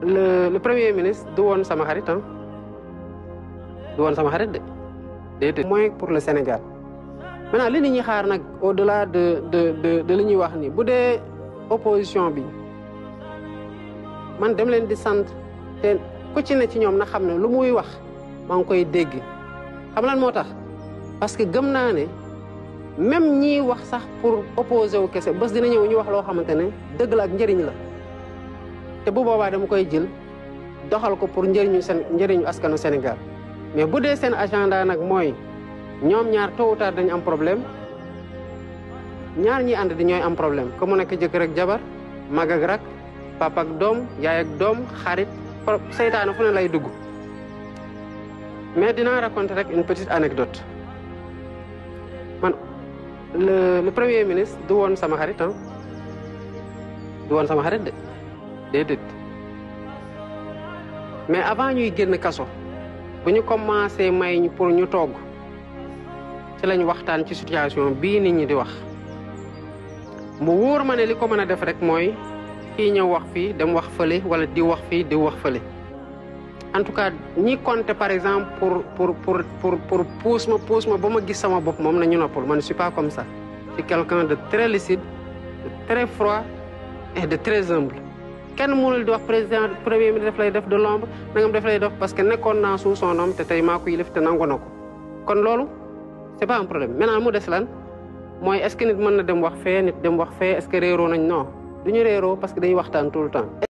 le le premier ministre du woon sama xarit woon sama xarit de déedéet. moins pour le Sénégal maintenant li ni ñi xaar nag au delà de de de li ñuy wax nii bu dee opposition bi man dem leen di sant te ku ci ci ñoom na xam ne lu muy wax maa ngi koy dégg xam lan moo tax parce que gëm naa ne même ñiy wax sax pour opposer wu kese bés dina ñëw ñu wax loo xamante ne dëgg la ak njëriñ la. te bu boba dama koy jël doxal ko pour njëriñu sen njëriñu askanu Sénégal mais bu dee seen agenda nag mooy ñoom ñaar tôt ou tard dañu am problème ñaar ñi ànd di am problème que mu nekk jëkkër rek jabar mag ak rak papa ak doom yaay ak doom xarit seytaane fu ne lay dugg mais dina raconter rek une petite anecdote man le le premier ministre du woon sama xarit ah du woon sama xarit de mais avant ñuy génn kaso bu ñu commencé may ñu pour ñu togg ci lañ situation ñi di ne def rek wax wax en tout cas ñi compté par exemple pour pour pour pour pour pour ma ma gis sama ñu suis pas comme ça je quelqu'un de très lucide de très froid et de très humble kenn mënul di wax président premier ministre daf lay def de l'ombre nangam daf lay def parce que nekkoon na sous son nom te tey maa ko te nangu na ko kon loolu c'est pas un problème maintenant mu des lan mooy est nit mën na dem wax fee nit dem wax fee est-ce nañ non du ñu réeroo parce que dañuy waxtaan tout le temps